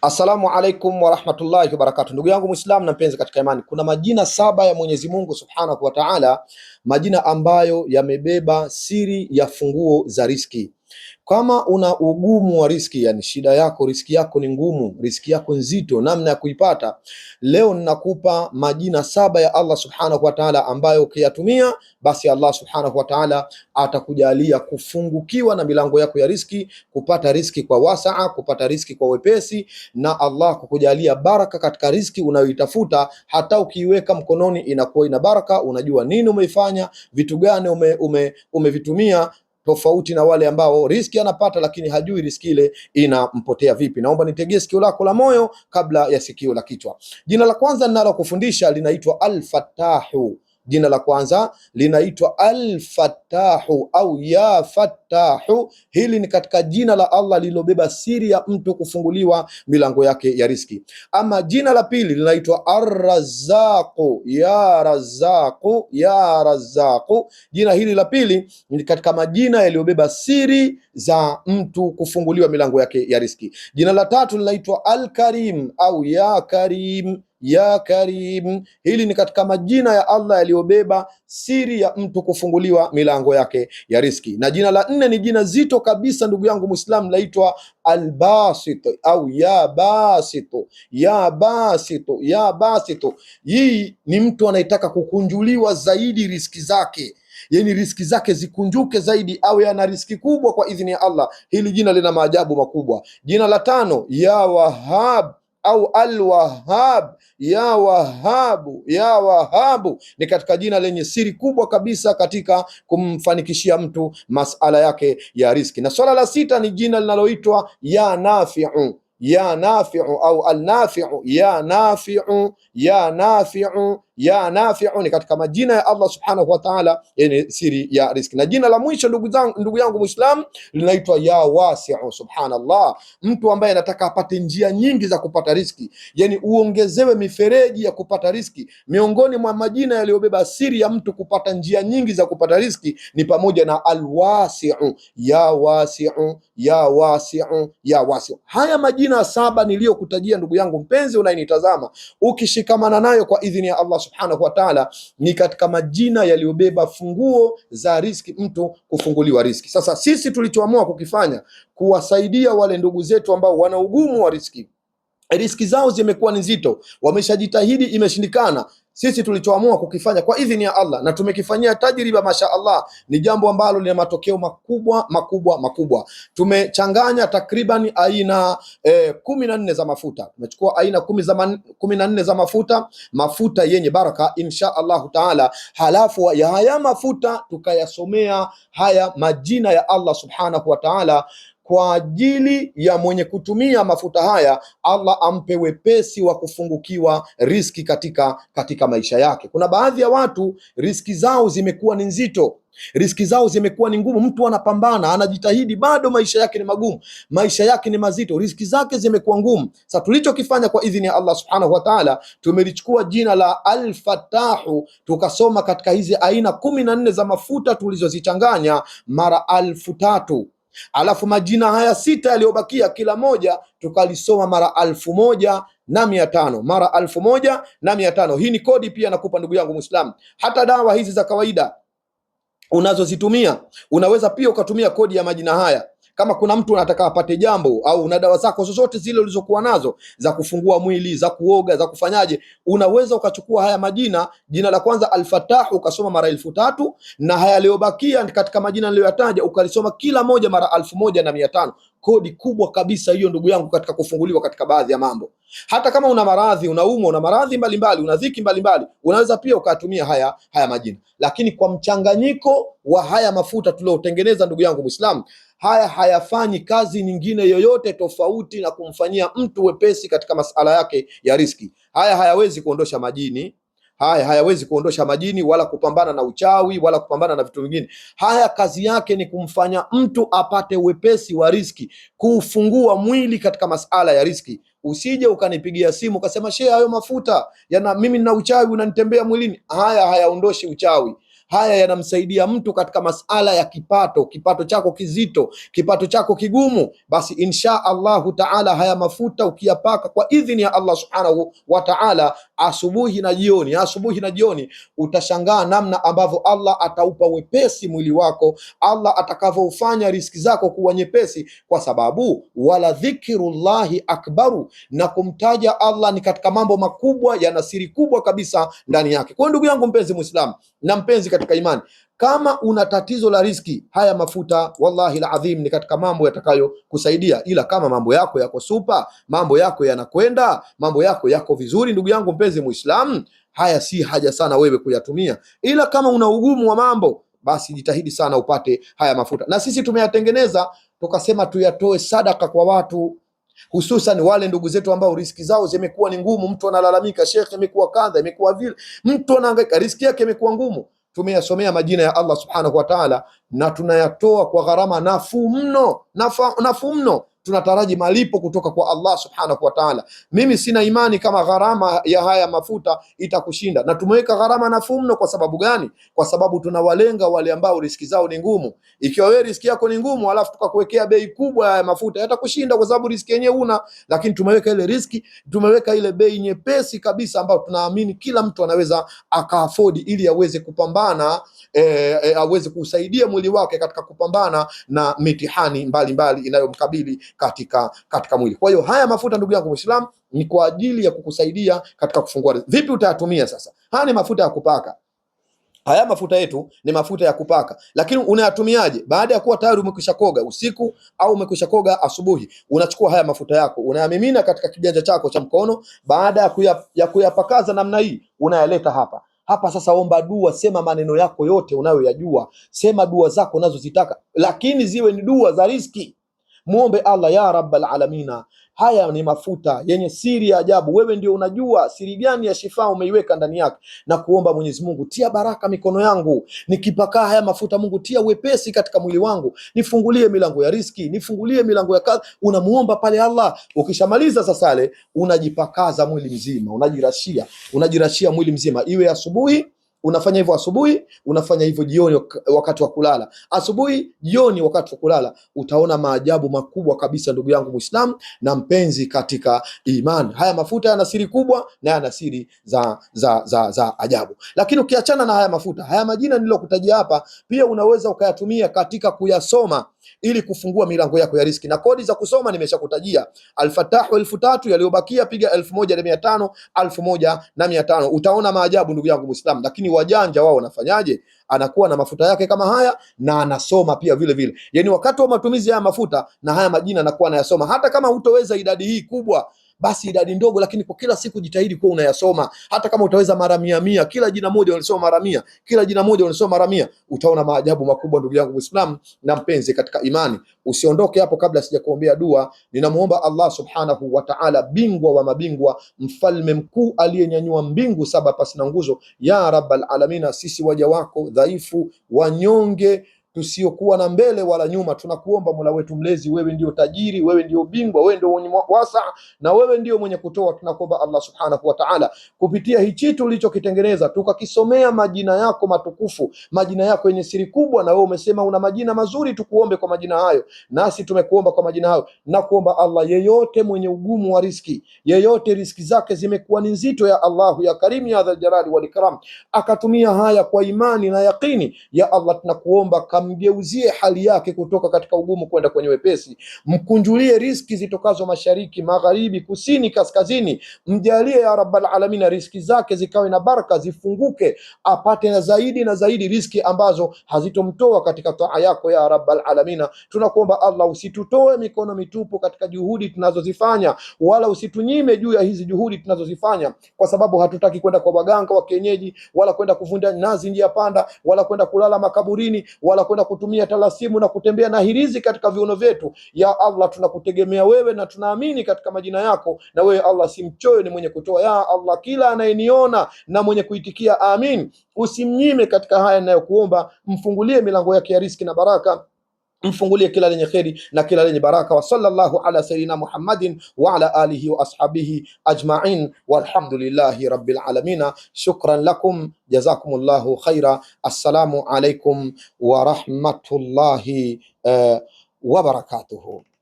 Assalamu alaikum warahmatullahi wabarakatu, ndugu yangu Muislam na mpenzi katika imani, kuna majina saba ya Mwenyezi Mungu subhanahu wa taala, majina ambayo yamebeba siri ya funguo za riski. Kama una ugumu wa riski, yani shida yako, riski yako ni ngumu, riski yako nzito, namna ya kuipata, leo ninakupa majina saba ya Allah subhanahu wa ta'ala, ambayo ukiyatumia basi Allah subhanahu wa ta'ala atakujalia kufungukiwa na milango yako ya riski, kupata riski kwa wasaa, kupata riski kwa wepesi, na Allah kukujalia baraka katika riski unayoitafuta. Hata ukiiweka mkononi inakuwa ina baraka, unajua nini umeifanya, vitu gani ume, ume, umevitumia tofauti na wale ambao riski anapata lakini hajui riski ile inampotea vipi. Naomba nitegee sikio lako la moyo kabla ya sikio la kichwa. Jina la kwanza ninalo kufundisha linaitwa Alfatahu. Jina la kwanza linaitwa Alfatahu au ya Fatahu. Hili ni katika jina la Allah lililobeba siri ya mtu kufunguliwa milango yake ya riski. Ama jina la pili linaitwa Arrazaqu ya Razaqu ya Razaqu. Jina hili la pili ni katika majina yaliyobeba siri za mtu kufunguliwa milango yake ya riski. Jina la tatu linaitwa Alkarim au ya Karim ya Karim. Hili ni katika majina ya Allah yaliyobeba siri ya mtu kufunguliwa milango yake ya riski Na jina la nne ni jina zito kabisa, ndugu yangu Muislam, laitwa Albasit au ya basitu, ya basitu, ya basitu. Hii ni mtu anayetaka kukunjuliwa zaidi riski zake yaani riski zake zikunjuke zaidi, awe ana riski kubwa kwa idhini ya Allah. Hili jina lina maajabu makubwa. Jina la tano ya Wahab au Alwahab, ya Wahabu, ya Wahabu ni katika jina lenye siri kubwa kabisa katika kumfanikishia mtu masala yake ya riski. Na swala la sita ni jina linaloitwa ya Nafiu, ya Nafiu au Alnafiu, ya Nafiu, ya Nafiu ya Nafiu ni katika majina ya Allah subhanahu wa ta'ala, yani siri ya riziki. Na jina la mwisho ndugu zangu, ndugu yangu Muislam, linaitwa ya Wasiu. Subhanallah, mtu ambaye anataka apate njia nyingi za kupata riziki, yani uongezewe mifereji ya kupata riziki. Miongoni mwa majina yaliyobeba siri ya mtu kupata njia nyingi za kupata riziki ni pamoja na Alwasiu, ya Wasiu, ya Wasiu, ya Wasiu. Haya majina saba niliyokutajia ndugu yangu mpenzi unayenitazama, ukishikamana nayo kwa idhini ya Allah subhanahu wa ta'ala ni katika majina yaliyobeba funguo za riski, mtu kufunguliwa riski. Sasa sisi tulichoamua kukifanya kuwasaidia wale ndugu zetu ambao wana ugumu wa riski riski zao zimekuwa ni nzito, wameshajitahidi imeshindikana. Sisi tulichoamua kukifanya kwa idhini ya Allah na tumekifanyia tajriba, masha Allah, ni jambo ambalo lina matokeo makubwa makubwa makubwa. Tumechanganya takriban aina eh, kumi na nne za mafuta. Tumechukua aina kumi na nne za mafuta, mafuta yenye baraka insha Allahu taala. Halafu ya haya mafuta tukayasomea haya majina ya Allah subhanahu wa taala kwa ajili ya mwenye kutumia mafuta haya, Allah ampe wepesi wa kufungukiwa riski katika, katika maisha yake. Kuna baadhi ya watu riski zao zimekuwa ni nzito riski zao zimekuwa ni ngumu. Mtu anapambana anajitahidi, bado maisha yake ni magumu, maisha yake ni mazito, riski zake zimekuwa ngumu. Sasa tulichokifanya kwa idhini ya Allah subhanahu wa taala, tumelichukua jina la Alfatahu tukasoma katika hizi aina kumi na nne za mafuta tulizozichanganya mara alfu tatu alafu majina haya sita yaliyobakia kila moja tukalisoma mara alfu moja na mia tano mara alfu moja na mia tano Hii ni kodi pia nakupa ndugu yangu Muislamu. Hata dawa hizi za kawaida unazozitumia unaweza pia ukatumia kodi ya majina haya kama kuna mtu anataka apate jambo au una dawa zako zozote zile ulizokuwa nazo za kufungua mwili, za kuoga, za kufanyaje, unaweza ukachukua haya majina. Jina la kwanza Alfatah ukasoma mara elfu tatu na haya yaliyobakia katika majina niliyoyataja ukalisoma kila moja mara alfu moja na mia tano kodi kubwa kabisa hiyo, ndugu yangu, katika kufunguliwa katika baadhi ya mambo. Hata kama una maradhi, unaumwa, una maradhi mbalimbali, una dhiki mbalimbali, unaweza pia ukayatumia haya haya majina, lakini kwa mchanganyiko wa haya mafuta tuliotengeneza, ndugu yangu Muislamu, haya hayafanyi kazi nyingine yoyote tofauti na kumfanyia mtu wepesi katika masala yake ya riski. Haya hayawezi kuondosha majini haya hayawezi kuondosha majini wala kupambana na uchawi wala kupambana na vitu vingine. Haya kazi yake ni kumfanya mtu apate wepesi wa riski, kufungua mwili katika masala ya riski. Usije ukanipigia simu ukasema, shehe, hayo mafuta yana mimi nina uchawi unanitembea mwilini. Haya hayaondoshi uchawi haya yanamsaidia mtu katika masala ya kipato. Kipato chako kizito, kipato chako kigumu, basi insha Allahu taala haya mafuta ukiyapaka kwa idhini ya Allah subhanahu wa taala, asubuhi na jioni, asubuhi na jioni, utashangaa namna ambavyo Allah ataupa wepesi mwili wako, Allah atakavyofanya riski zako kuwa nyepesi, kwa sababu wala dhikrullahi akbaru, na kumtaja Allah ni katika mambo makubwa, yana siri kubwa kabisa ndani yake. Kwa ndugu yangu mpenzi Muislamu na mpenzi katika imani. Kama una tatizo la riski haya mafuta wallahi adhim ni katika mambo yatakayokusaidia, ila kama mambo yako yako supa, mambo yako yanakwenda, mambo yako yako vizuri, ndugu yangu mpenzi Muislamu, haya si haja sana wewe kuyatumia, ila kama una ugumu wa mambo basi jitahidi sana upate haya mafuta, na sisi tumeyatengeneza tukasema tuyatoe sadaka kwa watu, hususan wale ndugu zetu ambao riski zao zimekuwa ni ngumu. Mtu analalamika, shekhe, imekuwa kadha, imekuwa vile, mtu anahangaika, riski yake imekuwa ngumu tumeyasomea majina ya Allah subhanahu wa ta'ala, na tunayatoa kwa gharama nafuu mno, nafuu mno tunataraji malipo kutoka kwa Allah subhanahu wa ta'ala. Mimi sina imani kama gharama ya haya mafuta itakushinda, na tumeweka gharama nafuu mno. Kwa sababu gani? Kwa sababu tunawalenga wale ambao riski zao ni ngumu. Ikiwa wewe riski yako ni ngumu, alafu tukakuwekea bei kubwa ya mafuta, yatakushinda kwa sababu riski yenyewe una, lakini tumeweka ile riski, tumeweka ile bei nyepesi kabisa ambayo tunaamini kila mtu anaweza akaafodi ili aweze kupambana e, e, aweze kusaidia mwili wake katika kupambana na mitihani mbalimbali inayomkabili katika katika mwili. Kwa hiyo haya mafuta ndugu yangu Muislamu ni kwa ajili ya kukusaidia katika kufungua. Vipi utayatumia sasa? Haya ni mafuta ya kupaka. Haya mafuta yetu ni mafuta ya kupaka, lakini unayatumiaje? Baada ya kuwa tayari umekwisha koga usiku au umekwisha koga asubuhi, unachukua haya mafuta yako unayamimina katika kiganja chako cha mkono. Baada ya, kuya, ya kuyapakaza namna hii, unayaleta hapa hapa sasa, omba dua, sema maneno yako yote unayoyajua, sema dua zako unazozitaka, lakini ziwe ni dua za riziki. Muombe Allah ya rabbal alamina. Haya ni mafuta yenye siri ya ajabu, wewe ndio unajua siri gani ya shifa umeiweka ndani yake, na kuomba Mwenyezi Mungu, tia baraka mikono yangu nikipaka haya mafuta. Mungu tia wepesi katika mwili wangu, nifungulie milango ya riski, nifungulie milango ya kazi. Unamuomba pale Allah. Ukishamaliza sasa, le unajipakaza mwili mzima, unajirashia, unajirashia mwili mzima, iwe asubuhi Unafanya hivyo asubuhi, unafanya hivyo jioni wakati wa kulala, asubuhi, jioni wakati wa kulala, utaona maajabu makubwa kabisa, ndugu yangu Muislamu na mpenzi katika imani. Haya mafuta yana siri kubwa na yana siri za, za, za, za ajabu. Lakini ukiachana na haya mafuta, haya majina nilokutajia hapa pia unaweza ukayatumia katika kuyasoma ili kufungua milango yako ya riski Na kodi za kusoma nimeshakutajia alfatahu elfu tatu, yaliyobakia piga elfu moja na mia tano elfu moja na mia tano Utaona maajabu ndugu yangu Muislamu, lakini wajanja wao wanafanyaje? Anakuwa na mafuta yake kama haya na anasoma pia vile vile, yani wakati wa matumizi haya mafuta na haya majina anakuwa anayasoma, hata kama hutoweza idadi hii kubwa basi idadi ndogo, lakini kwa kila siku jitahidi kuwa unayasoma, hata kama utaweza mara mia mia, kila jina moja unasoma mara mia, kila jina moja unasoma mara mia, utaona maajabu makubwa, ndugu yangu Muislamu na mpenzi katika imani. Usiondoke hapo kabla sijakuombea dua. Ninamwomba Allah subhanahu wa ta'ala, bingwa wa mabingwa, mfalme mkuu, aliyenyanyua mbingu saba pasi na nguzo, ya rabbal alamina, sisi waja wako dhaifu, wanyonge tusiokuwa na mbele wala nyuma. Tunakuomba Mola wetu Mlezi, wewe ndio tajiri, wewe ndio bingwa, wewe ndio mwenye wasa na wewe ndio mwenye kutoa. Tunakuomba Allah subhanahu wa ta'ala, kupitia hichi tulichokitengeneza tukakisomea majina yako matukufu, majina yako yenye siri kubwa, na wewe umesema una majina mazuri, tukuombe kwa majina hayo, nasi tumekuomba kwa majina hayo na kuomba Allah, yeyote mwenye ugumu wa riski, yeyote riski zake zimekuwa ni nzito, ya Allahu ya Karimu ya Dhal Jalali wal Ikram, akatumia haya kwa imani na yaqini, ya Allah tunakuomba mgeuzie hali yake kutoka katika ugumu kwenda kwenye wepesi, mkunjulie riski zitokazo mashariki, magharibi, kusini, kaskazini, mjalie ya rabbal alamin, riski zake zikawe na baraka, zifunguke, apate na zaidi na zaidi riski ambazo hazitomtoa katika taa yako ya rabbal alamin. Tunakuomba Allah usitutoe mikono mitupu katika juhudi tunazozifanya, wala usitunyime juu ya hizi juhudi tunazozifanya, kwa sababu hatutaki kwenda kwa waganga wa kienyeji, wala kwenda kuvunda nazi njia panda, wala kwenda kulala makaburini, wala na kutumia talasimu na kutembea na hirizi katika viuno vyetu. Ya Allah, tunakutegemea wewe na tunaamini katika majina yako, na wewe Allah si mchoyo, ni mwenye kutoa. Ya Allah, kila anayeniona na mwenye kuitikia amin, usimnyime katika haya ninayokuomba, mfungulie milango yake ya riziki na baraka mfungulie kila lenye kheri na kila lenye baraka. wa sallallahu ala sayyidina Muhammadin wa ala alihi wa ashabihi ajma'in walhamdulillahi rabbil alamina Shukran lakum, jazakumullahu khaira. Assalamu alaikum wa rahmatullahi uh, wa barakatuhu.